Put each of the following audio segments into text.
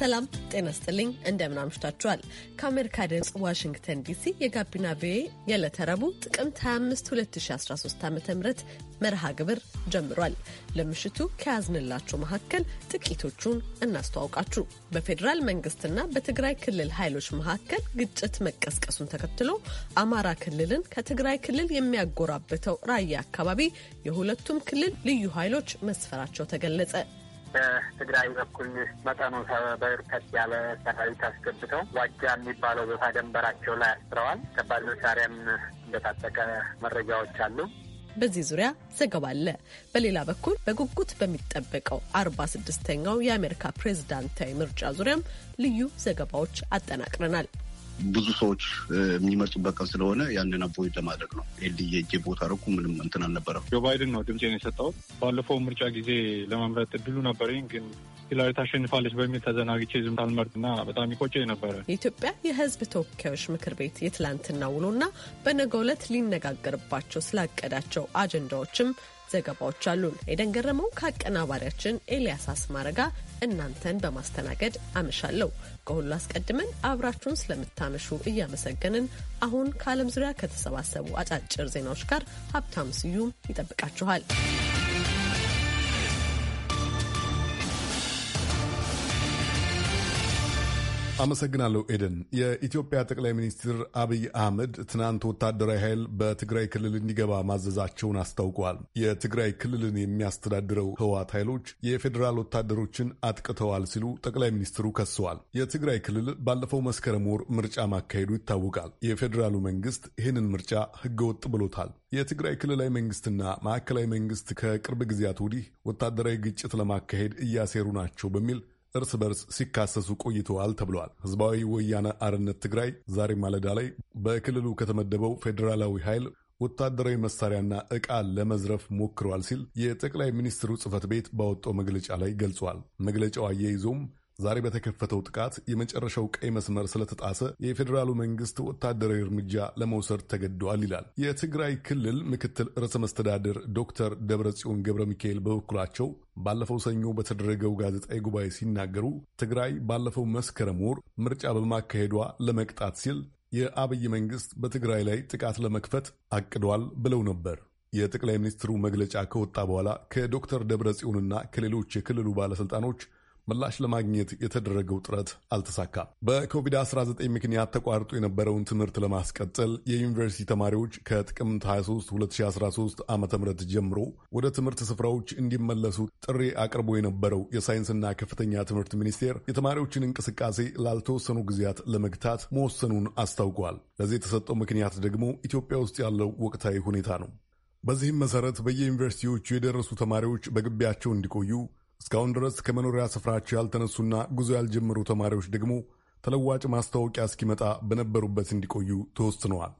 ሰላም ጤና ስጥልኝ። እንደምን አምሽታችኋል? ከአሜሪካ ድምፅ ዋሽንግተን ዲሲ የጋቢና ቪኦኤ የዕለተ ረቡዕ ጥቅምት 25 2013 ዓ ም መርሃ ግብር ጀምሯል። ለምሽቱ ከያዝንላችሁ መካከል ጥቂቶቹን እናስተዋውቃችሁ። በፌዴራል መንግስትና በትግራይ ክልል ኃይሎች መካከል ግጭት መቀስቀሱን ተከትሎ አማራ ክልልን ከትግራይ ክልል የሚያጎራብተው ራያ አካባቢ የሁለቱም ክልል ልዩ ኃይሎች መስፈራቸው ተገለጸ። በትግራይ በኩል መጠኑ በርከት ያለ ሰራዊት አስገብተው ዋጃ የሚባለው ቦታ ደንበራቸው ላይ አስረዋል። ከባድ መሳሪያም እንደታጠቀ መረጃዎች አሉ። በዚህ ዙሪያ ዘገባ አለ። በሌላ በኩል በጉጉት በሚጠበቀው አርባ ስድስተኛው የአሜሪካ ፕሬዝዳንታዊ ምርጫ ዙሪያም ልዩ ዘገባዎች አጠናቅረናል። ብዙ ሰዎች የሚመርጡበት ቀን ስለሆነ ያንን አቦይ ለማድረግ ነው። ኤልድዬ እጄ ቦታ ረኩ ምንም እንትን አልነበረም። ጆ ባይደን ነው ድምፄን የሰጠሁት። ባለፈው ምርጫ ጊዜ ለመምረጥ እድሉ ነበረኝ ግን ሂላሪ ታሸንፋለች በሚል ተዘናግቼ ዝም አልመርጥና በጣም ይቆጨ ነበረ። የኢትዮጵያ የሕዝብ ተወካዮች ምክር ቤት የትላንትና ውሎና በነገው ዕለት ሊነጋገርባቸው ስላቀዳቸው አጀንዳዎችም ዘገባዎች አሉን። ኤደን ገረመው ከአቀናባሪያችን ኤልያስ አስማረ ጋር እናንተን በማስተናገድ አመሻለሁ። ከሁሉ አስቀድመን አብራችሁን ስለምታመሹ እያመሰገንን አሁን ከዓለም ዙሪያ ከተሰባሰቡ አጫጭር ዜናዎች ጋር ሀብታም ስዩም ይጠብቃችኋል። አመሰግናለሁ ኤደን። የኢትዮጵያ ጠቅላይ ሚኒስትር አብይ አህመድ ትናንት ወታደራዊ ኃይል በትግራይ ክልል እንዲገባ ማዘዛቸውን አስታውቋል። የትግራይ ክልልን የሚያስተዳድረው ህወሓት ኃይሎች የፌዴራል ወታደሮችን አጥቅተዋል ሲሉ ጠቅላይ ሚኒስትሩ ከሰዋል። የትግራይ ክልል ባለፈው መስከረም ወር ምርጫ ማካሄዱ ይታወቃል። የፌዴራሉ መንግስት ይህንን ምርጫ ህገወጥ ብሎታል። የትግራይ ክልላዊ መንግስትና ማዕከላዊ መንግስት ከቅርብ ጊዜያት ወዲህ ወታደራዊ ግጭት ለማካሄድ እያሴሩ ናቸው በሚል እርስ በርስ ሲካሰሱ ቆይተዋል ተብሏል። ህዝባዊ ወያነ አርነት ትግራይ ዛሬ ማለዳ ላይ በክልሉ ከተመደበው ፌዴራላዊ ኃይል ወታደራዊ መሳሪያና ዕቃ ለመዝረፍ ሞክረዋል ሲል የጠቅላይ ሚኒስትሩ ጽህፈት ቤት ባወጣው መግለጫ ላይ ገልጿል። መግለጫው አያይዞም ዛሬ በተከፈተው ጥቃት የመጨረሻው ቀይ መስመር ስለተጣሰ የፌዴራሉ መንግስት ወታደራዊ እርምጃ ለመውሰድ ተገደዋል ይላል። የትግራይ ክልል ምክትል ርዕሰ መስተዳድር ዶክተር ደብረጽዮን ገብረ ሚካኤል በበኩላቸው ባለፈው ሰኞ በተደረገው ጋዜጣዊ ጉባኤ ሲናገሩ ትግራይ ባለፈው መስከረም ወር ምርጫ በማካሄዷ ለመቅጣት ሲል የአብይ መንግስት በትግራይ ላይ ጥቃት ለመክፈት አቅዷል ብለው ነበር። የጠቅላይ ሚኒስትሩ መግለጫ ከወጣ በኋላ ከዶክተር ደብረ ጽዮንና ከሌሎች የክልሉ ባለሥልጣኖች ምላሽ ለማግኘት የተደረገው ጥረት አልተሳካም። በኮቪድ-19 ምክንያት ተቋርጦ የነበረውን ትምህርት ለማስቀጠል የዩኒቨርሲቲ ተማሪዎች ከጥቅምት 23 2013 ዓ ም ጀምሮ ወደ ትምህርት ስፍራዎች እንዲመለሱ ጥሪ አቅርቦ የነበረው የሳይንስና ከፍተኛ ትምህርት ሚኒስቴር የተማሪዎችን እንቅስቃሴ ላልተወሰኑ ጊዜያት ለመግታት መወሰኑን አስታውቋል። ለዚህ የተሰጠው ምክንያት ደግሞ ኢትዮጵያ ውስጥ ያለው ወቅታዊ ሁኔታ ነው። በዚህም መሰረት በየዩኒቨርሲቲዎቹ የደረሱ ተማሪዎች በግቢያቸው እንዲቆዩ እስካሁን ድረስ ከመኖሪያ ስፍራቸው ያልተነሱና ጉዞ ያልጀመሩ ተማሪዎች ደግሞ ተለዋጭ ማስታወቂያ እስኪመጣ በነበሩበት እንዲቆዩ ተወስነዋል።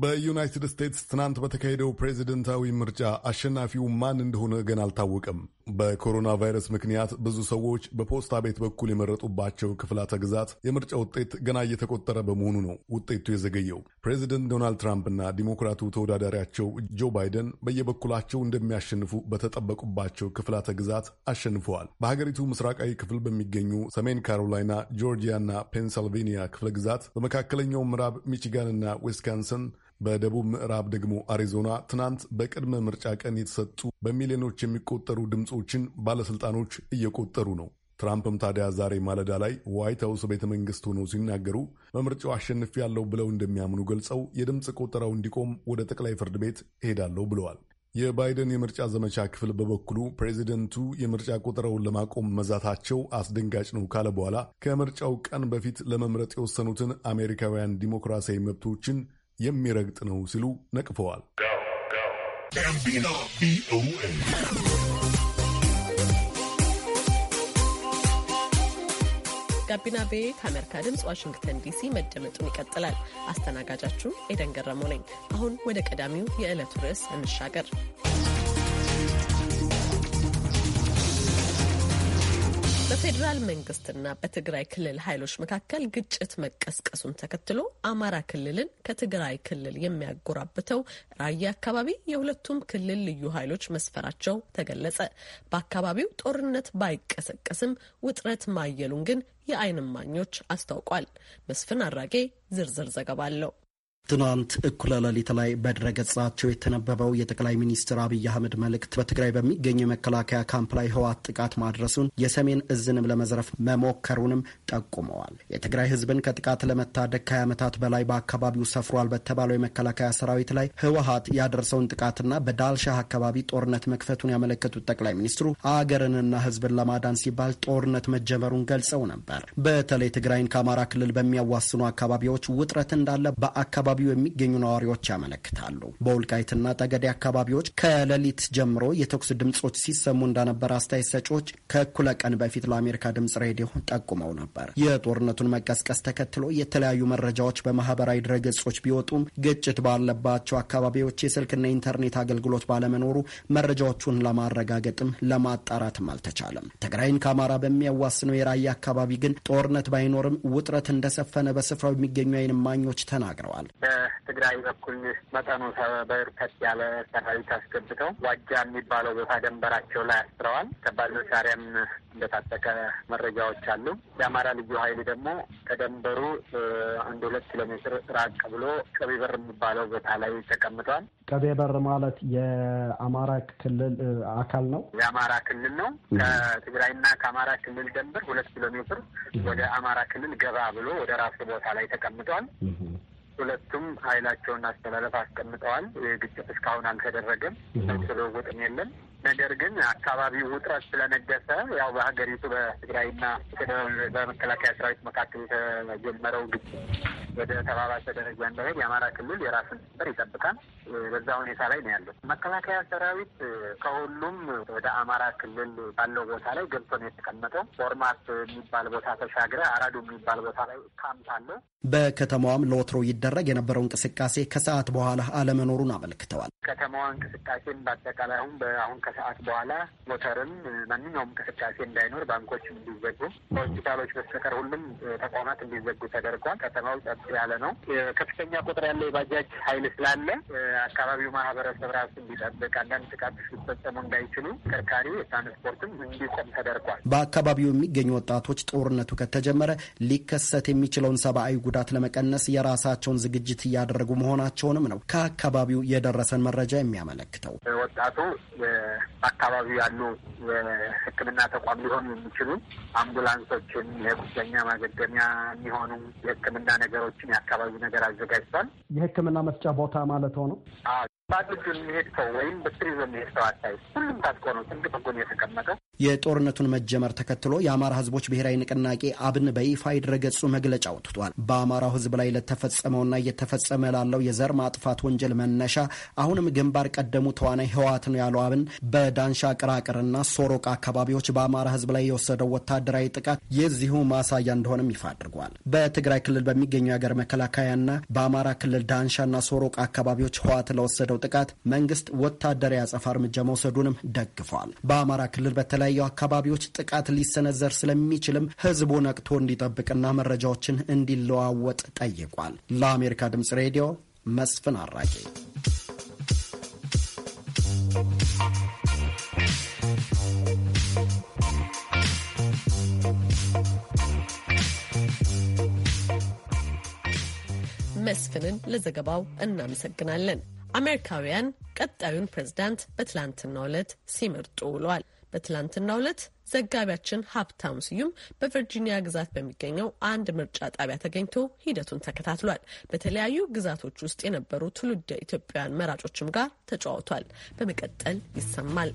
በዩናይትድ ስቴትስ ትናንት በተካሄደው ፕሬዚደንታዊ ምርጫ አሸናፊው ማን እንደሆነ ገና አልታወቀም። በኮሮና ቫይረስ ምክንያት ብዙ ሰዎች በፖስታ ቤት በኩል የመረጡባቸው ክፍላተ ግዛት የምርጫ ውጤት ገና እየተቆጠረ በመሆኑ ነው ውጤቱ የዘገየው። ፕሬዚደንት ዶናልድ ትራምፕ እና ዲሞክራቱ ተወዳዳሪያቸው ጆ ባይደን በየበኩላቸው እንደሚያሸንፉ በተጠበቁባቸው ክፍላተ ግዛት አሸንፈዋል። በሀገሪቱ ምስራቃዊ ክፍል በሚገኙ ሰሜን ካሮላይና፣ ጆርጂያና ፔንሳልቬኒያ ክፍለ ግዛት፣ በመካከለኛው ምዕራብ ሚቺጋንና ዊስካንሰን በደቡብ ምዕራብ ደግሞ አሪዞና ትናንት በቅድመ ምርጫ ቀን የተሰጡ በሚሊዮኖች የሚቆጠሩ ድምፆችን ባለሥልጣኖች እየቆጠሩ ነው። ትራምፕም ታዲያ ዛሬ ማለዳ ላይ ዋይት ሀውስ ቤተ መንግሥት ሆነው ሲናገሩ በምርጫው ያለው ብለው እንደሚያምኑ ገልጸው የድምፅ ቆጠራው እንዲቆም ወደ ጠቅላይ ፍርድ ቤት እሄዳለሁ ብለዋል። የባይደን የምርጫ ዘመቻ ክፍል በበኩሉ ፕሬዚደንቱ የምርጫ ቆጠራውን ለማቆም መዛታቸው አስደንጋጭ ነው ካለ በኋላ ከምርጫው ቀን በፊት ለመምረጥ የወሰኑትን አሜሪካውያን ዲሞክራሲያዊ መብቶችን የሚረግጥ ነው ሲሉ ነቅፈዋል። ጋቢና ቤ ከአሜሪካ ድምፅ ዋሽንግተን ዲሲ መደመጡን ይቀጥላል። አስተናጋጃችሁ ኤደን ገረመው ነኝ። አሁን ወደ ቀዳሚው የዕለቱ ርዕስ እንሻገር። በፌዴራል መንግስትና በትግራይ ክልል ኃይሎች መካከል ግጭት መቀስቀሱን ተከትሎ አማራ ክልልን ከትግራይ ክልል የሚያጎራብተው ራያ አካባቢ የሁለቱም ክልል ልዩ ኃይሎች መስፈራቸው ተገለጸ። በአካባቢው ጦርነት ባይቀሰቀስም ውጥረት ማየሉን ግን የአይን እማኞች አስታውቋል። መስፍን አራጌ ዝርዝር ዘገባ አለው። ትናንት እኩለ ሌሊት ላይ በድረገጻቸው የተነበበው የጠቅላይ ሚኒስትር አብይ አህመድ መልእክት በትግራይ በሚገኘው የመከላከያ ካምፕ ላይ ህወሓት ጥቃት ማድረሱን የሰሜን እዝንም ለመዝረፍ መሞከሩንም ጠቁመዋል። የትግራይ ህዝብን ከጥቃት ለመታደግ ከ20 ዓመታት በላይ በአካባቢው ሰፍሯል በተባለው የመከላከያ ሰራዊት ላይ ህወሓት ያደረሰውን ጥቃትና በዳልሻህ አካባቢ ጦርነት መክፈቱን ያመለከቱት ጠቅላይ ሚኒስትሩ አገርንና ህዝብን ለማዳን ሲባል ጦርነት መጀመሩን ገልጸው ነበር። በተለይ ትግራይን ከአማራ ክልል በሚያዋስኑ አካባቢዎች ውጥረት እንዳለ በአካባቢ በአካባቢው የሚገኙ ነዋሪዎች ያመለክታሉ። በወልቃይትና ጠገዴ አካባቢዎች ከሌሊት ጀምሮ የተኩስ ድምፆች ሲሰሙ እንደነበረ አስተያየት ሰጪዎች ከእኩለ ቀን በፊት ለአሜሪካ ድምፅ ሬዲዮ ጠቁመው ነበር። የጦርነቱን መቀስቀስ ተከትሎ የተለያዩ መረጃዎች በማህበራዊ ድረገጾች ቢወጡም ግጭት ባለባቸው አካባቢዎች የስልክና የኢንተርኔት አገልግሎት ባለመኖሩ መረጃዎቹን ለማረጋገጥም ለማጣራትም አልተቻለም። ትግራይን ከአማራ በሚያዋስነው የራያ አካባቢ ግን ጦርነት ባይኖርም ውጥረት እንደሰፈነ በስፍራው የሚገኙ አይን እማኞች ተናግረዋል። በትግራይ በኩል መጠኑ በርከት ያለ ሰራዊት አስገብተው ዋጃ የሚባለው ቦታ ደንበራቸው ላይ አስረዋል። ከባድ መሳሪያም እንደታጠቀ መረጃዎች አሉ። የአማራ ልዩ ኃይል ደግሞ ከደንበሩ አንድ ሁለት ኪሎ ሜትር ራቅ ብሎ ቀቤ በር የሚባለው ቦታ ላይ ተቀምጧል። ቀቤ በር ማለት የአማራ ክልል አካል ነው። የአማራ ክልል ነው። ከትግራይና ከአማራ ክልል ደንበር ሁለት ኪሎ ሜትር ወደ አማራ ክልል ገባ ብሎ ወደ ራሱ ቦታ ላይ ተቀምጧል። ሁለቱም ኃይላቸውን አስተላለፍ አስቀምጠዋል። ግጭት እስካሁን አልተደረገም። መልስ ልውውጥም የለም። ነገር ግን አካባቢው ውጥረት ስለነገሰ ያው በሀገሪቱ በትግራይና በመከላከያ ሰራዊት መካከል የተጀመረው ግጭት ወደ ተባባሰ ደረጃ እንዳይሄድ የአማራ ክልል የራሱን ድንበር ይጠብቃል። በዛ ሁኔታ ላይ ነው ያለው። መከላከያ ሰራዊት ከሁሉም ወደ አማራ ክልል ባለው ቦታ ላይ ገብቶ ነው የተቀመጠው። ፎርማት የሚባል ቦታ ተሻግረ አራዱ የሚባል ቦታ ላይ ካምፕ አለው። በከተማዋም ለወትሮ ይደረግ የነበረው እንቅስቃሴ ከሰዓት በኋላ አለመኖሩን አመልክተዋል። ከተማዋ እንቅስቃሴም በአጠቃላይ አሁን በአሁን ከሰዓት በኋላ ሞተርም ማንኛውም እንቅስቃሴ እንዳይኖር፣ ባንኮችም እንዲዘጉ፣ ሆስፒታሎች በስተቀር ሁሉም ተቋማት እንዲዘጉ ተደርጓል። ከተማው ጸጥ ያለ ነው። ከፍተኛ ቁጥር ያለው የባጃጅ ኃይል ስላለ የአካባቢው ማህበረሰብ ራሱ እንዲጠብቅ አንዳንድ ጥቃቶች ሊፈጸሙ እንዳይችሉ ተሽከርካሪ የትራንስፖርትም እንዲቆም ተደርጓል። በአካባቢው የሚገኙ ወጣቶች ጦርነቱ ከተጀመረ ሊከሰት የሚችለውን ሰብአዊ ጉዳት ለመቀነስ የራሳቸውን ዝግጅት እያደረጉ መሆናቸውንም ነው ከአካባቢው የደረሰን መረጃ የሚያመለክተው። ወጣቱ በአካባቢው ያሉ የሕክምና ተቋም ሊሆኑ የሚችሉ አምቡላንሶችን፣ የቁስለኛ ማገገሚያ የሚሆኑ የሕክምና ነገሮችን የአካባቢው ነገር አዘጋጅቷል። የሕክምና መስጫ ቦታ ማለት ሆነው ባዶ እጁን የሚሄድ ሰው ወይም በትር ይዞ የሚሄድ ሰው አታይ። ሁሉም ታጥቆ ነው ትልቅ ጎን የተቀመጠው። የጦርነቱን መጀመር ተከትሎ የአማራ ህዝቦች ብሔራዊ ንቅናቄ አብን በይፋ ድረገጹ መግለጫ አውጥቷል። በአማራው ህዝብ ላይ ለተፈጸመውና እየተፈጸመ ላለው የዘር ማጥፋት ወንጀል መነሻ አሁንም ግንባር ቀደሙ ተዋናይ ህወሓት ነው ያለው አብን በዳንሻ ቅራቅርና ሶሮቅ አካባቢዎች በአማራ ህዝብ ላይ የወሰደው ወታደራዊ ጥቃት የዚሁ ማሳያ እንደሆነም ይፋ አድርጓል። በትግራይ ክልል በሚገኙ የሀገር መከላከያና በአማራ ክልል ዳንሻና ሶሮቅ አካባቢዎች ህወሓት ለወሰደው ጥቃት መንግስት ወታደራዊ አጸፋ እርምጃ መውሰዱንም ደግፏል። በአማራ ክልል በተለ በተለያዩ አካባቢዎች ጥቃት ሊሰነዘር ስለሚችልም ህዝቡ ነቅቶ እንዲጠብቅና መረጃዎችን እንዲለዋወጥ ጠይቋል። ለአሜሪካ ድምፅ ሬዲዮ መስፍን አራቂ። መስፍንን ለዘገባው እናመሰግናለን። አሜሪካውያን ቀጣዩን ፕሬዝዳንት በትላንትናው ዕለት ሲመርጡ ውሏል። በትላንትናው ዕለት ዘጋቢያችን ሀብታሙ ስዩም በቨርጂኒያ ግዛት በሚገኘው አንድ ምርጫ ጣቢያ ተገኝቶ ሂደቱን ተከታትሏል። በተለያዩ ግዛቶች ውስጥ የነበሩ ትውልደ ኢትዮጵያውያን መራጮችም ጋር ተጫውቷል። በመቀጠል ይሰማል።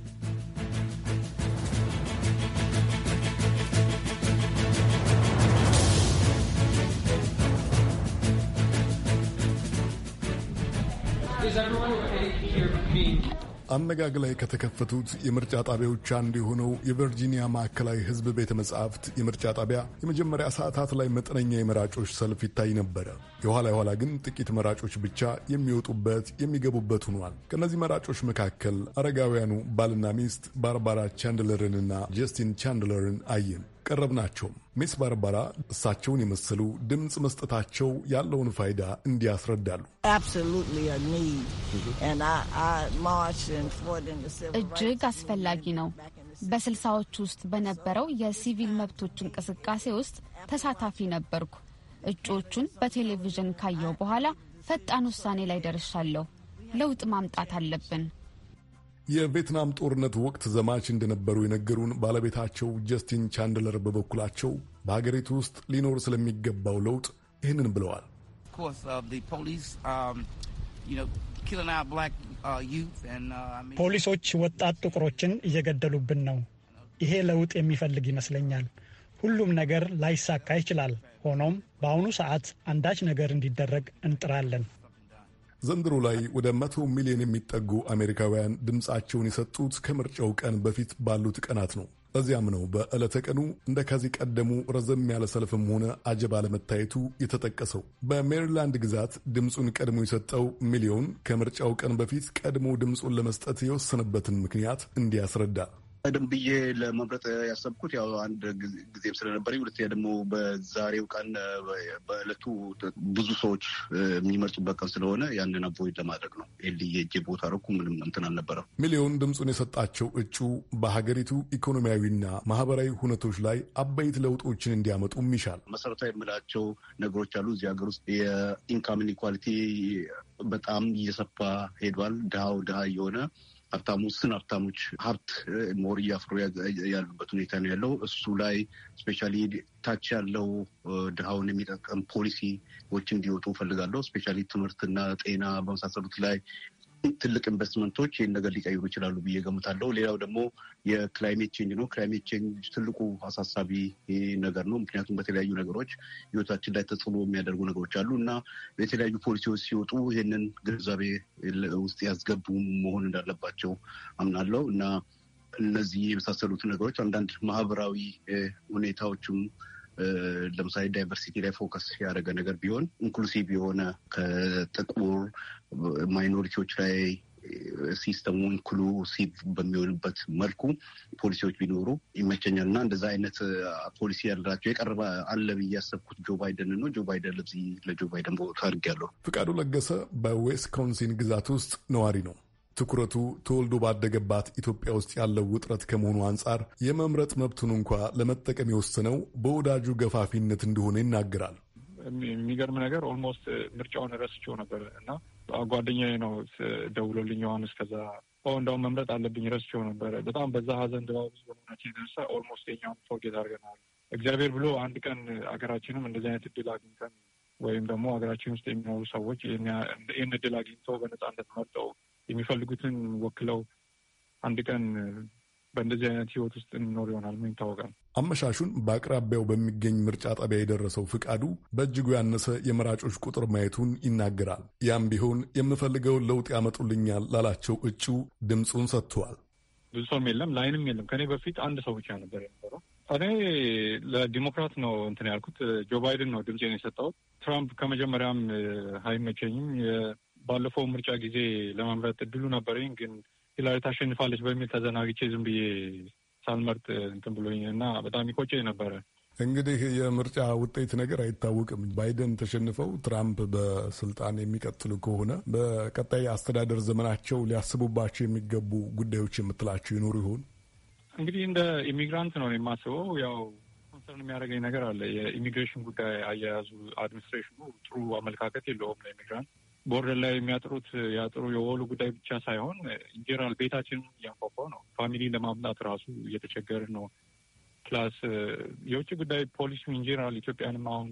Is everyone okay here me? አነጋግ ላይ ከተከፈቱት የምርጫ ጣቢያዎች አንዱ የሆነው የቨርጂኒያ ማዕከላዊ ሕዝብ ቤተ መጻሕፍት የምርጫ ጣቢያ የመጀመሪያ ሰዓታት ላይ መጠነኛ የመራጮች ሰልፍ ይታይ ነበረ። የኋላ የኋላ ግን ጥቂት መራጮች ብቻ የሚወጡበት የሚገቡበት ሆኗል። ከእነዚህ መራጮች መካከል አረጋውያኑ ባልና ሚስት ባርባራ ቻንድለርንና ጀስቲን ቻንድለርን አየን። ቀረብናቸው። ሚስ ባርባራ እሳቸውን የመሰሉ ድምፅ መስጠታቸው ያለውን ፋይዳ እንዲያስረዳሉ። እጅግ አስፈላጊ ነው። በስልሳዎች ውስጥ በነበረው የሲቪል መብቶች እንቅስቃሴ ውስጥ ተሳታፊ ነበርኩ። እጩዎቹን በቴሌቪዥን ካየው በኋላ ፈጣን ውሳኔ ላይ ደርሻለሁ። ለውጥ ማምጣት አለብን። የቬትናም ጦርነት ወቅት ዘማች እንደነበሩ የነገሩን ባለቤታቸው ጀስቲን ቻንድለር በበኩላቸው በሀገሪቱ ውስጥ ሊኖር ስለሚገባው ለውጥ ይህንን ብለዋል። ፖሊሶች ወጣት ጥቁሮችን እየገደሉብን ነው። ይሄ ለውጥ የሚፈልግ ይመስለኛል። ሁሉም ነገር ላይሳካ ይችላል። ሆኖም በአሁኑ ሰዓት አንዳች ነገር እንዲደረግ እንጥራለን። ዘንድሮ ላይ ወደ መቶ ሚሊዮን የሚጠጉ አሜሪካውያን ድምፃቸውን የሰጡት ከምርጫው ቀን በፊት ባሉት ቀናት ነው። በዚያም ነው በዕለተ ቀኑ እንደ ከዚህ ቀደሙ ረዘም ያለ ሰልፍም ሆነ አጀብ አለመታየቱ የተጠቀሰው። በሜሪላንድ ግዛት ድምፁን ቀድሞ የሰጠው ሚሊዮን ከምርጫው ቀን በፊት ቀድሞ ድምፁን ለመስጠት የወሰነበትን ምክንያት እንዲያስረዳ ቀደም ብዬ ለመምረጥ ያሰብኩት ያው አንድ ጊዜም ስለነበር፣ ሁለተኛ ደግሞ በዛሬው ቀን በእለቱ ብዙ ሰዎች የሚመርጡበት ቀን ስለሆነ ያንን አቦይ ለማድረግ ነው። ልዬጄ ቦታ ረኩ ምንም እንትን አልነበረም። ሚሊዮን ድምፁን የሰጣቸው እጩ በሀገሪቱ ኢኮኖሚያዊና ማህበራዊ ሁነቶች ላይ አበይት ለውጦችን እንዲያመጡም ይሻል። መሰረታዊ የምላቸው ነገሮች አሉ እዚህ ሀገር ውስጥ የኢንካም ኢኳሊቲ በጣም እየሰፋ ሄዷል። ድሃው ድሃ እየሆነ ሀብታሙ ውስን ሀብታሞች ሀብት ሞር እያፍሩ ያሉበት ሁኔታ ነው ያለው። እሱ ላይ ስፔሻሊ ታች ያለው ድሃውን የሚጠቀም ፖሊሲዎች እንዲወጡ ፈልጋለሁ። ስፔሻሊ ትምህርትና ጤና በመሳሰሉት ላይ ትልቅ ኢንቨስትመንቶች ይህን ነገር ሊቀይሩ ይችላሉ ብዬ ገምታለሁ። ሌላው ደግሞ የክላይሜት ቼንጅ ነው። ክላይሜት ቼንጅ ትልቁ አሳሳቢ ነገር ነው። ምክንያቱም በተለያዩ ነገሮች ህይወታችን ላይ ተጽዕኖ የሚያደርጉ ነገሮች አሉ እና የተለያዩ ፖሊሲዎች ሲወጡ ይህንን ግንዛቤ ውስጥ ያስገቡ መሆን እንዳለባቸው አምናለሁ እና እነዚህ የመሳሰሉት ነገሮች አንዳንድ ማህበራዊ ሁኔታዎችም ለምሳሌ ዳይቨርሲቲ ላይ ፎከስ ያደረገ ነገር ቢሆን ኢንክሉሲቭ የሆነ ከጥቁር ማይኖሪቲዎች ላይ ሲስተሙ ኢንክሉሲቭ በሚሆንበት መልኩ ፖሊሲዎች ቢኖሩ ይመቸኛል እና እንደዛ አይነት ፖሊሲ ያላቸው የቀረበ አለ ብዬ ያሰብኩት ጆ ባይደን ነው። ጆ ባይደን ለዚህ ለጆ ባይደን ቦታ አድርጌያለሁ። ፍቃዱ ለገሰ በዌስኮንሲን ግዛት ውስጥ ነዋሪ ነው። ትኩረቱ ተወልዶ ባደገባት ኢትዮጵያ ውስጥ ያለው ውጥረት ከመሆኑ አንጻር የመምረጥ መብቱን እንኳ ለመጠቀም የወሰነው በወዳጁ ገፋፊነት እንደሆነ ይናገራል። የሚገርም ነገር ኦልሞስት ምርጫውን ረስቼው ነበር እና ጓደኛዬ ነው ደውሎልኝ ዮሐንስ ከዛ እንዳውም መምረጥ አለብኝ ረስቼው ነበር። በጣም በዛ ሀዘን ድባብ ውስጥ በመሆናችን የተነሳ ኦልሞስት የኛውን ፎርጌት አድርገናል። እግዚአብሔር ብሎ አንድ ቀን ሀገራችንም እንደዚህ አይነት እድል አግኝተን ወይም ደግሞ ሀገራችን ውስጥ የሚኖሩ ሰዎች ይህን እድል አግኝተው በነፃነት መርጠው የሚፈልጉትን ወክለው አንድ ቀን በእንደዚህ አይነት ህይወት ውስጥ እንኖር ይሆናል። ምን ይታወቃል። አመሻሹን በአቅራቢያው በሚገኝ ምርጫ ጣቢያ የደረሰው ፍቃዱ በእጅጉ ያነሰ የመራጮች ቁጥር ማየቱን ይናገራል። ያም ቢሆን የምፈልገውን ለውጥ ያመጡልኛል ላላቸው እጩ ድምፁን ሰጥተዋል። ብዙ ሰውም የለም፣ ላይንም የለም። ከኔ በፊት አንድ ሰው ብቻ ነበር የነበረው። እኔ ለዲሞክራት ነው እንትን ያልኩት። ጆ ባይደን ነው ድምፄን የሰጠሁት። ትራምፕ ከመጀመሪያም አይመቸኝም። ባለፈው ምርጫ ጊዜ ለመምረጥ እድሉ ነበረኝ፣ ግን ሂላሪ ታሸንፋለች በሚል ተዘናግቼ ዝም ብዬ ሳልመርጥ እንትን ብሎኝ እና በጣም ይቆጨ ነበረ። እንግዲህ የምርጫ ውጤት ነገር አይታወቅም። ባይደን ተሸንፈው ትራምፕ በስልጣን የሚቀጥሉ ከሆነ በቀጣይ አስተዳደር ዘመናቸው ሊያስቡባቸው የሚገቡ ጉዳዮች የምትላቸው ይኖሩ ይሆን? እንግዲህ እንደ ኢሚግራንት ነው የማስበው። ያው ኮንሰርን የሚያደርገኝ ነገር አለ። የኢሚግሬሽን ጉዳይ አያያዙ አድሚኒስትሬሽኑ ጥሩ አመለካከት የለውም ለኢሚግራንት ቦርደር ላይ የሚያጥሩት ያጥሩ የወሉ ጉዳይ ብቻ ሳይሆን ኢንጀራል ቤታችን እያንኳኳ ነው። ፋሚሊ ለማምጣት ራሱ እየተቸገርን ነው። ፕላስ የውጭ ጉዳይ ፖሊሲ ኢንጀራል ኢትዮጵያንም አሁን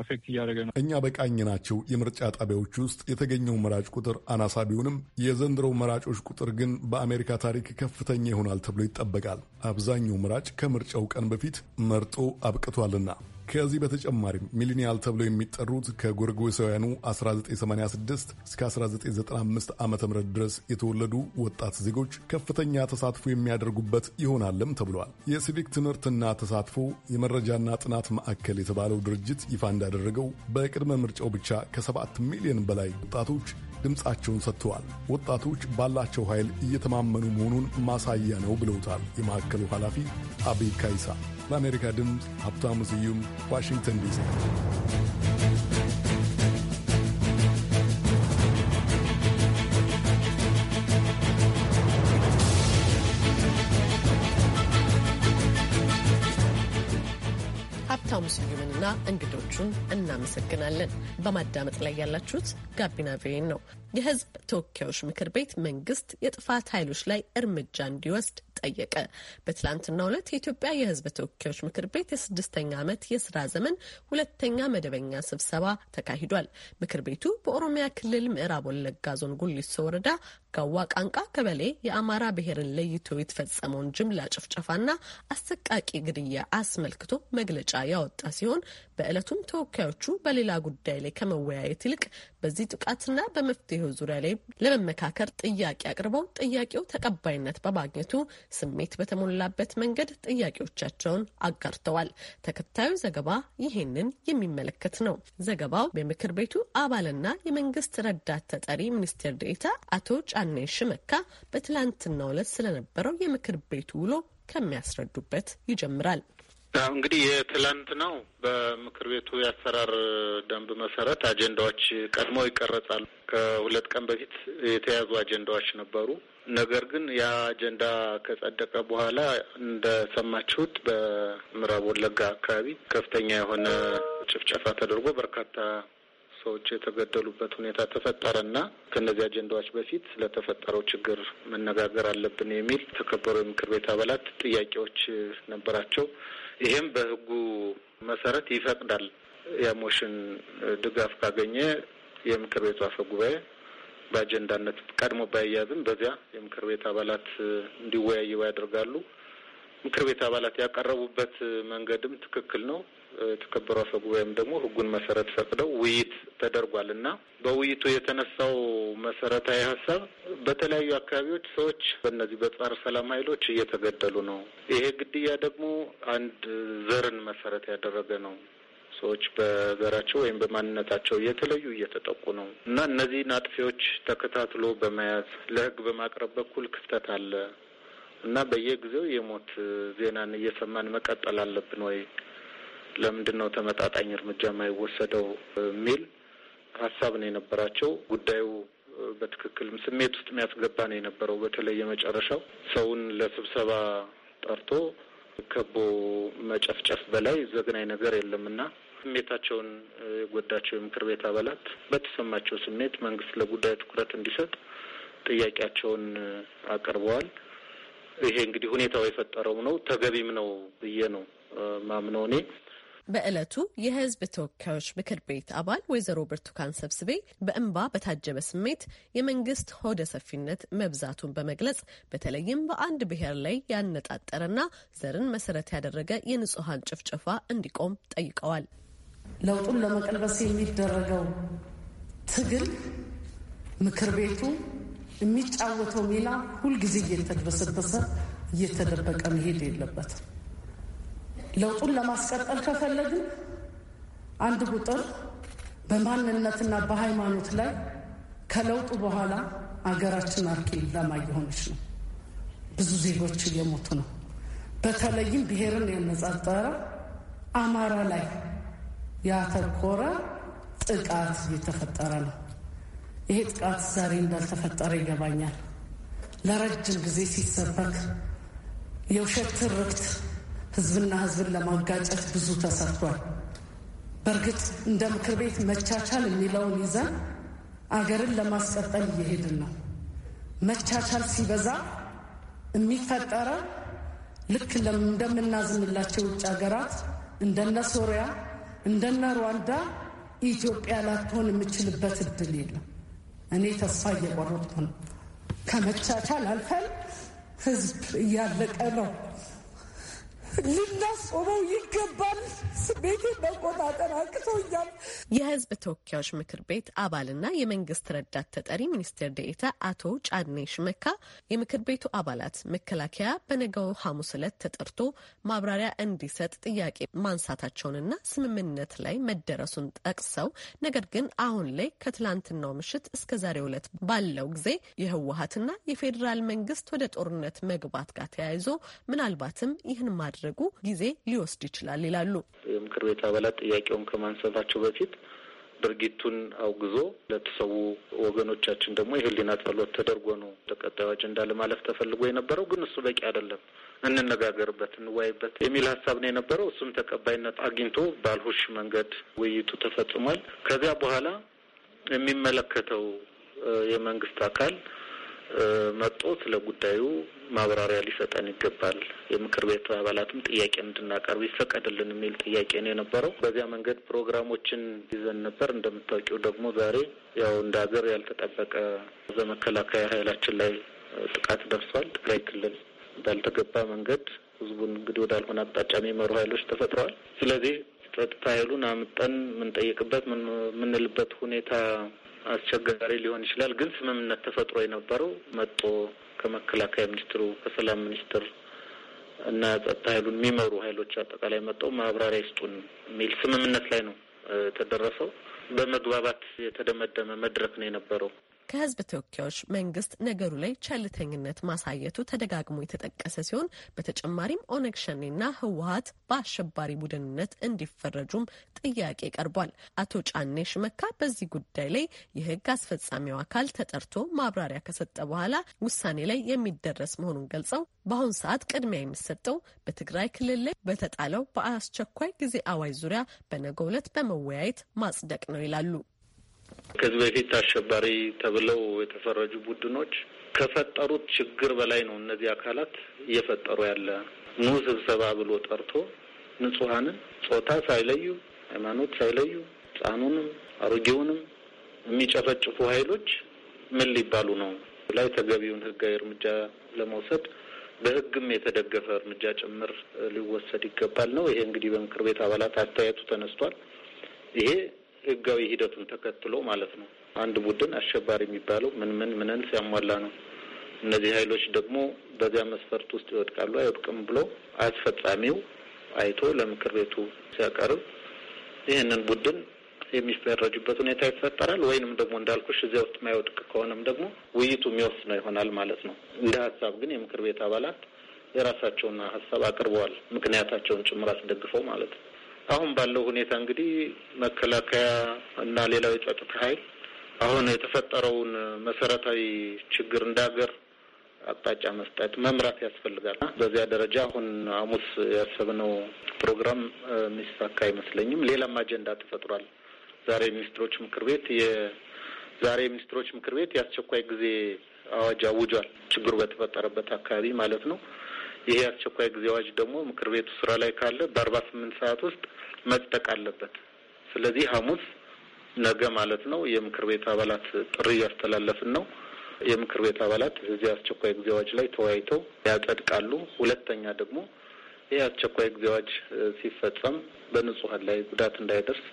አፌክት እያደረገ ነው። እኛ በቃኝ ናቸው። የምርጫ ጣቢያዎች ውስጥ የተገኘው መራጭ ቁጥር አናሳ ቢሆንም የዘንድሮው መራጮች ቁጥር ግን በአሜሪካ ታሪክ ከፍተኛ ይሆናል ተብሎ ይጠበቃል። አብዛኛው መራጭ ከምርጫው ቀን በፊት መርጦ አብቅቷልና ከዚህ በተጨማሪም ሚሊኒያል ተብለው የሚጠሩት ከጎርጎሳውያኑ 1986 እስከ 1995 ዓ ም ድረስ የተወለዱ ወጣት ዜጎች ከፍተኛ ተሳትፎ የሚያደርጉበት ይሆናልም ተብሏል። የሲቪክ ትምህርትና ተሳትፎ የመረጃና ጥናት ማዕከል የተባለው ድርጅት ይፋ እንዳደረገው በቅድመ ምርጫው ብቻ ከ7 ሚሊዮን በላይ ወጣቶች ድምፃቸውን ሰጥተዋል። ወጣቶች ባላቸው ኃይል እየተማመኑ መሆኑን ማሳያ ነው ብለውታል የማዕከሉ ኃላፊ አቤ ካይሳ። ለአሜሪካ ድምፅ ሀብታሙ ስዩም ዋሽንግተን ዲሲ እንግዶቹን እናመሰግናለን። በማዳመጥ ላይ ያላችሁት ጋቢና ቪኦኤ ነው። የሕዝብ ተወካዮች ምክር ቤት መንግስት የጥፋት ኃይሎች ላይ እርምጃ እንዲወስድ ጠየቀ። በትላንትናው ዕለት የኢትዮጵያ የህዝብ ተወካዮች ምክር ቤት የስድስተኛ ዓመት የስራ ዘመን ሁለተኛ መደበኛ ስብሰባ ተካሂዷል። ምክር ቤቱ በኦሮሚያ ክልል ምዕራብ ወለጋ ዞን ጉሊሶ ወረዳ ጋዋ ቃንቃ ቀበሌ የአማራ ብሔርን ለይቶ የተፈጸመውን ጅምላ ጭፍጨፋና አሰቃቂ ግድያ አስመልክቶ መግለጫ ያወጣ ሲሆን በ በዕለቱም ተወካዮቹ በሌላ ጉዳይ ላይ ከመወያየት ይልቅ በዚህ ጥቃትና በመፍትሄው ዙሪያ ላይ ለመመካከር ጥያቄ አቅርበው ጥያቄው ተቀባይነት በማግኘቱ ስሜት በተሞላበት መንገድ ጥያቄዎቻቸውን አጋርተዋል። ተከታዩ ዘገባ ይህንን የሚመለከት ነው። ዘገባው የምክር ቤቱ አባልና የመንግስት ረዳት ተጠሪ ሚኒስቴር ዴኤታ አቶ ጫኔ ሽመካ በትላንትናው ዕለት ስለነበረው የምክር ቤቱ ውሎ ከሚያስረዱበት ይጀምራል። እንግዲህ የትላንት ነው። በምክር ቤቱ የአሰራር ደንብ መሰረት አጀንዳዎች ቀድሞ ይቀረጻሉ። ከሁለት ቀን በፊት የተያዙ አጀንዳዎች ነበሩ። ነገር ግን ያ አጀንዳ ከጸደቀ በኋላ እንደሰማችሁት በምዕራብ ወለጋ አካባቢ ከፍተኛ የሆነ ጭፍጨፋ ተደርጎ በርካታ ሰዎች የተገደሉበት ሁኔታ ተፈጠረ እና ከእነዚህ አጀንዳዎች በፊት ስለተፈጠረው ችግር መነጋገር አለብን የሚል የተከበሩ የምክር ቤት አባላት ጥያቄዎች ነበራቸው። ይሄም በህጉ መሰረት ይፈቅዳል። የሞሽን ድጋፍ ካገኘ የምክር ቤቱ አፈ ጉባኤ በአጀንዳነት ቀድሞ ባያያዝም በዚያ የምክር ቤት አባላት እንዲወያዩ ያደርጋሉ። ምክር ቤት አባላት ያቀረቡበት መንገድም ትክክል ነው። የተከበሩ አፈ ጉባኤም ደግሞ ህጉን መሰረት ፈቅደው ውይይት ተደርጓል እና በውይይቱ የተነሳው መሰረታዊ ሀሳብ በተለያዩ አካባቢዎች ሰዎች በእነዚህ በጸረ ሰላም ኃይሎች እየተገደሉ ነው። ይሄ ግድያ ደግሞ አንድ ዘርን መሰረት ያደረገ ነው። ሰዎች በዘራቸው ወይም በማንነታቸው እየተለዩ እየተጠቁ ነው እና እነዚህን አጥፊዎች ተከታትሎ በመያዝ ለህግ በማቅረብ በኩል ክፍተት አለ እና በየጊዜው የሞት ዜናን እየሰማን መቀጠል አለብን ወይ? ለምንድን ነው ተመጣጣኝ እርምጃ የማይወሰደው የሚል ሀሳብ ነው የነበራቸው። ጉዳዩ በትክክልም ስሜት ውስጥ የሚያስገባ ነው የነበረው። በተለይ የመጨረሻው ሰውን ለስብሰባ ጠርቶ ከቦ መጨፍጨፍ በላይ ዘግናኝ ነገር የለምና ስሜታቸውን የጎዳቸው የምክር ቤት አባላት በተሰማቸው ስሜት መንግስት ለጉዳዩ ትኩረት እንዲሰጥ ጥያቄያቸውን አቅርበዋል። ይሄ እንግዲህ ሁኔታው የፈጠረው ነው ተገቢም ነው ብዬ ነው ማምነው እኔ በዕለቱ የህዝብ ተወካዮች ምክር ቤት አባል ወይዘሮ ብርቱካን ሰብስቤ በእንባ በታጀበ ስሜት የመንግስት ሆደ ሰፊነት መብዛቱን በመግለጽ በተለይም በአንድ ብሔር ላይ ያነጣጠረና ዘርን መሰረት ያደረገ የንጹሐን ጭፍጨፋ እንዲቆም ጠይቀዋል። ለውጡን ለመቀልበስ የሚደረገው ትግል ምክር ቤቱ የሚጫወተው ሚና ሁልጊዜ እየተደበሰበሰ እየተደበቀ መሄድ የለበትም። ለውጡን ለማስቀጠል ከፈለግን አንድ ቁጥር በማንነትና በሃይማኖት ላይ ከለውጡ በኋላ አገራችን አርኪ ለማየሆነች ነው። ብዙ ዜጎች እየሞቱ ነው። በተለይም ብሔርን ያነጻጸረ አማራ ላይ ያተኮረ ጥቃት እየተፈጠረ ነው። ይሄ ጥቃት ዛሬ እንዳልተፈጠረ ይገባኛል። ለረጅም ጊዜ ሲሰበክ የውሸት ትርክት ህዝብና ህዝብን ለማጋጨት ብዙ ተሰርቷል። በእርግጥ እንደ ምክር ቤት መቻቻል የሚለውን ይዘን አገርን ለማስቀጠል እየሄድን ነው። መቻቻል ሲበዛ የሚፈጠረ ልክ እንደምናዝንላቸው ውጭ ሀገራት እንደነ ሶሪያ እንደነ ሩዋንዳ ኢትዮጵያ ላትሆን የምችልበት እድል የለም። እኔ ተስፋ እየቆረጥኩ ነው። ከመቻቻል አልፈን ህዝብ እያለቀ ነው። ልናስቆመው ይገባል። ስሜቴን መቆጣጠር አቅቶኛል። የህዝብ ተወካዮች ምክር ቤት አባልና የመንግስት ረዳት ተጠሪ ሚኒስትር ዴኤታ አቶ ጫድኔ ሽመካ የምክር ቤቱ አባላት መከላከያ በነገው ሐሙስ ዕለት ተጠርቶ ማብራሪያ እንዲሰጥ ጥያቄ ማንሳታቸውንና ስምምነት ላይ መደረሱን ጠቅሰው ነገር ግን አሁን ላይ ከትላንትናው ምሽት እስከ ዛሬ ዕለት ባለው ጊዜ የህወሀትና የፌዴራል መንግስት ወደ ጦርነት መግባት ጋር ተያይዞ ምናልባትም ይህን ማድረጉ ጊዜ ሊወስድ ይችላል ይላሉ። የምክር ቤት አባላት ጥያቄውን ከማንሳታቸው በፊት ድርጊቱን አውግዞ ለተሰዉ ወገኖቻችን ደግሞ የህሊና ጸሎት ተደርጎ ነው ተቀጣዩ አጀንዳ ለማለፍ ተፈልጎ የነበረው። ግን እሱ በቂ አይደለም፣ እንነጋገርበት፣ እንወያይበት የሚል ሀሳብ ነው የነበረው። እሱም ተቀባይነት አግኝቶ ባልሁሽ መንገድ ውይይቱ ተፈጽሟል። ከዚያ በኋላ የሚመለከተው የመንግስት አካል መጦ ስለ ጉዳዩ ማብራሪያ ሊሰጠን ይገባል። የምክር ቤቱ አባላትም ጥያቄ እንድናቀርብ ይፈቀድልን የሚል ጥያቄ ነው የነበረው። በዚያ መንገድ ፕሮግራሞችን ይዘን ነበር። እንደምታውቂው ደግሞ ዛሬ ያው እንደ ሀገር ያልተጠበቀ በመከላከያ ኃይላችን ላይ ጥቃት ደርሷል። ትግራይ ክልል ባልተገባ መንገድ ህዝቡን እንግዲህ ወዳልሆነ አቅጣጫ የሚመሩ ኃይሎች ተፈጥረዋል። ስለዚህ ጸጥታ ኃይሉን አምጠን የምንጠይቅበት የምንልበት ሁኔታ አስቸጋሪ ሊሆን ይችላል። ግን ስምምነት ተፈጥሮ የነበረው መጦ ከመከላከያ ሚኒስትሩ ከሰላም ሚኒስትር እና ጸጥታ ኃይሉን የሚመሩ ኃይሎች አጠቃላይ መጠው ማብራሪያ ይስጡን የሚል ስምምነት ላይ ነው የተደረሰው። በመግባባት የተደመደመ መድረክ ነው የነበረው። ከህዝብ ተወካዮች መንግስት ነገሩ ላይ ቸልተኝነት ማሳየቱ ተደጋግሞ የተጠቀሰ ሲሆን በተጨማሪም ኦነግ ሸኔና ህወሀት በአሸባሪ ቡድንነት እንዲፈረጁም ጥያቄ ቀርቧል። አቶ ጫኔ ሽመካ በዚህ ጉዳይ ላይ የህግ አስፈጻሚው አካል ተጠርቶ ማብራሪያ ከሰጠ በኋላ ውሳኔ ላይ የሚደረስ መሆኑን ገልጸው በአሁኑ ሰዓት ቅድሚያ የሚሰጠው በትግራይ ክልል ላይ በተጣለው በአስቸኳይ ጊዜ አዋጅ ዙሪያ በነገው ዕለት በመወያየት ማጽደቅ ነው ይላሉ። ከዚህ በፊት አሸባሪ ተብለው የተፈረጁ ቡድኖች ከፈጠሩት ችግር በላይ ነው። እነዚህ አካላት እየፈጠሩ ያለ ኑ ስብሰባ ብሎ ጠርቶ ንጹሐንን ጾታ ሳይለዩ ሃይማኖት ሳይለዩ ህጻኑንም አሮጌውንም የሚጨፈጭፉ ኃይሎች ምን ሊባሉ ነው? ላይ ተገቢውን ህጋዊ እርምጃ ለመውሰድ በህግም የተደገፈ እርምጃ ጭምር ሊወሰድ ይገባል ነው። ይሄ እንግዲህ በምክር ቤት አባላት አስተያየቱ ተነስቷል። ይሄ ህጋዊ ሂደቱን ተከትሎ ማለት ነው። አንድ ቡድን አሸባሪ የሚባለው ምን ምን ምንን ሲያሟላ ነው? እነዚህ ኃይሎች ደግሞ በዚያ መስፈርት ውስጥ ይወድቃሉ አይወድቅም ብሎ አስፈጻሚው አይቶ ለምክር ቤቱ ሲያቀርብ ይህንን ቡድን የሚፈረጅበት ሁኔታ ይፈጠራል። ወይንም ደግሞ እንዳልኩሽ እዚያ ውስጥ የማይወድቅ ከሆነም ደግሞ ውይይቱ የሚወስነው ይሆናል ማለት ነው። እንደ ሀሳብ ግን የምክር ቤት አባላት የራሳቸውን ሀሳብ አቅርበዋል፣ ምክንያታቸውን ጭምር አስደግፈው ማለት ነው። አሁን ባለው ሁኔታ እንግዲህ መከላከያ እና ሌላው የጸጥታ ኃይል አሁን የተፈጠረውን መሰረታዊ ችግር እንደ ሀገር አቅጣጫ መስጠት መምራት ያስፈልጋል። በዚያ ደረጃ አሁን ሐሙስ ያሰብነው ፕሮግራም የሚሳካ አይመስለኝም። ሌላም አጀንዳ ተፈጥሯል። ዛሬ ሚኒስትሮች ምክር ቤት የዛሬ ሚኒስትሮች ምክር ቤት የአስቸኳይ ጊዜ አዋጅ አውጇል። ችግሩ በተፈጠረበት አካባቢ ማለት ነው። ይሄ አስቸኳይ ጊዜ አዋጅ ደግሞ ምክር ቤቱ ስራ ላይ ካለ በአርባ ስምንት ሰዓት ውስጥ መጽደቅ አለበት። ስለዚህ ሐሙስ ነገ ማለት ነው የምክር ቤት አባላት ጥሪ እያስተላለፍን ነው። የምክር ቤት አባላት እዚህ አስቸኳይ ጊዜ አዋጅ ላይ ተወያይተው ያጸድቃሉ። ሁለተኛ ደግሞ ይህ አስቸኳይ ጊዜ አዋጅ ሲፈጸም በንጹሀን ላይ ጉዳት እንዳይደርስ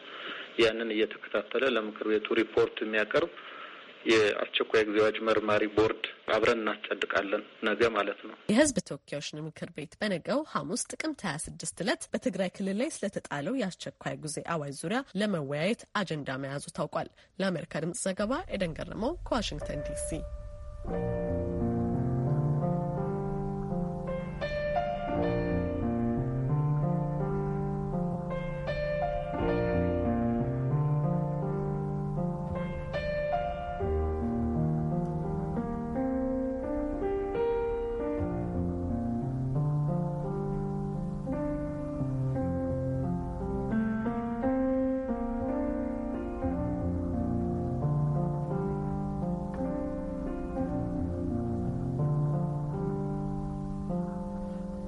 ያንን እየተከታተለ ለምክር ቤቱ ሪፖርት የሚያቀርብ የአስቸኳይ ጊዜ አዋጅ መርማሪ ቦርድ አብረን እናስጸድቃለን ነገ ማለት ነው። የህዝብ ተወካዮች ምክር ቤት በነገው ሐሙስ ጥቅምት 26 ዕለት በትግራይ ክልል ላይ ስለተጣለው የአስቸኳይ ጊዜ አዋጅ ዙሪያ ለመወያየት አጀንዳ መያዙ ታውቋል። ለአሜሪካ ድምጽ ዘገባ ኤደን ገረመው ከዋሽንግተን ዲሲ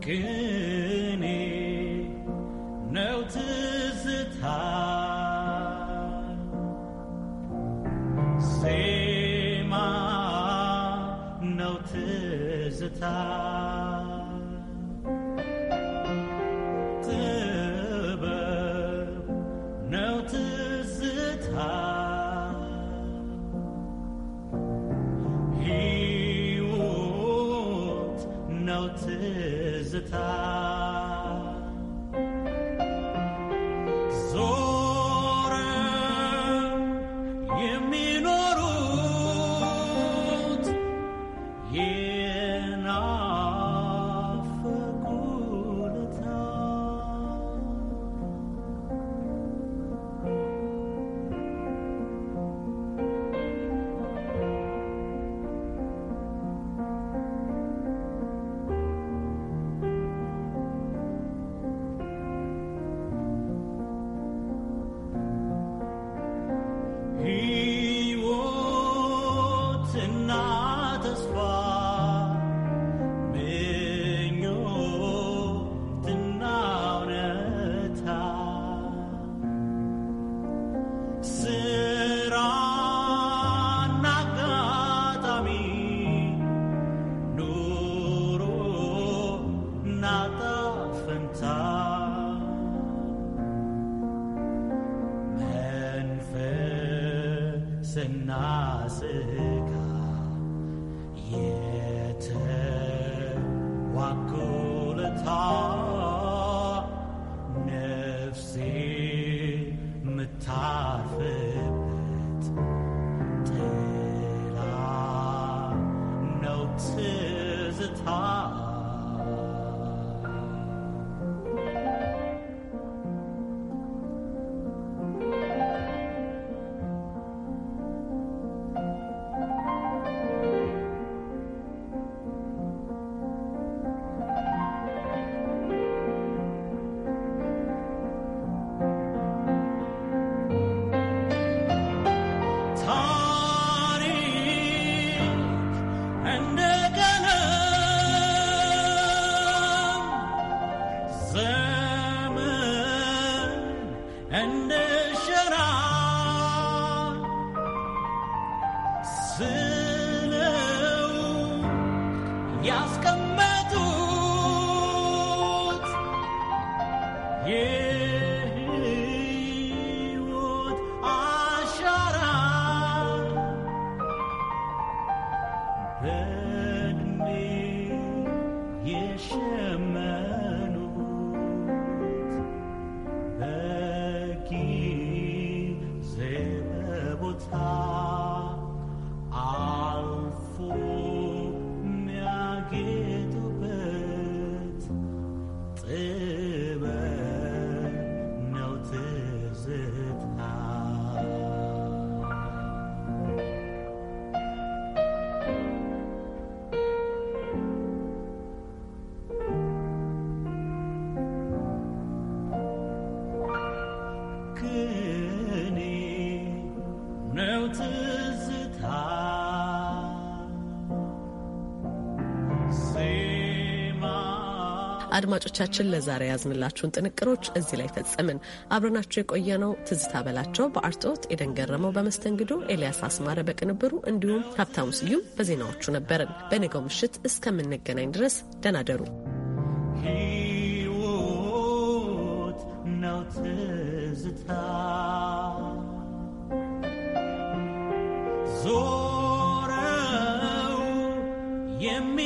que say. አድማጮቻችን ለዛሬ ያዝንላችሁን ጥንቅሮች እዚህ ላይ ፈጸምን። አብረናቸው የቆየነው ትዝታ በላቸው በአርትዖት፣ ኤደን ገረመው በመስተንግዶ፣ ኤልያስ አስማረ በቅንብሩ እንዲሁም ሀብታሙ ስዩም በዜናዎቹ ነበርን። በነገው ምሽት እስከምንገናኝ ድረስ ደናደሩ ሕይወት ነው ትዝታ ዞረው የሚ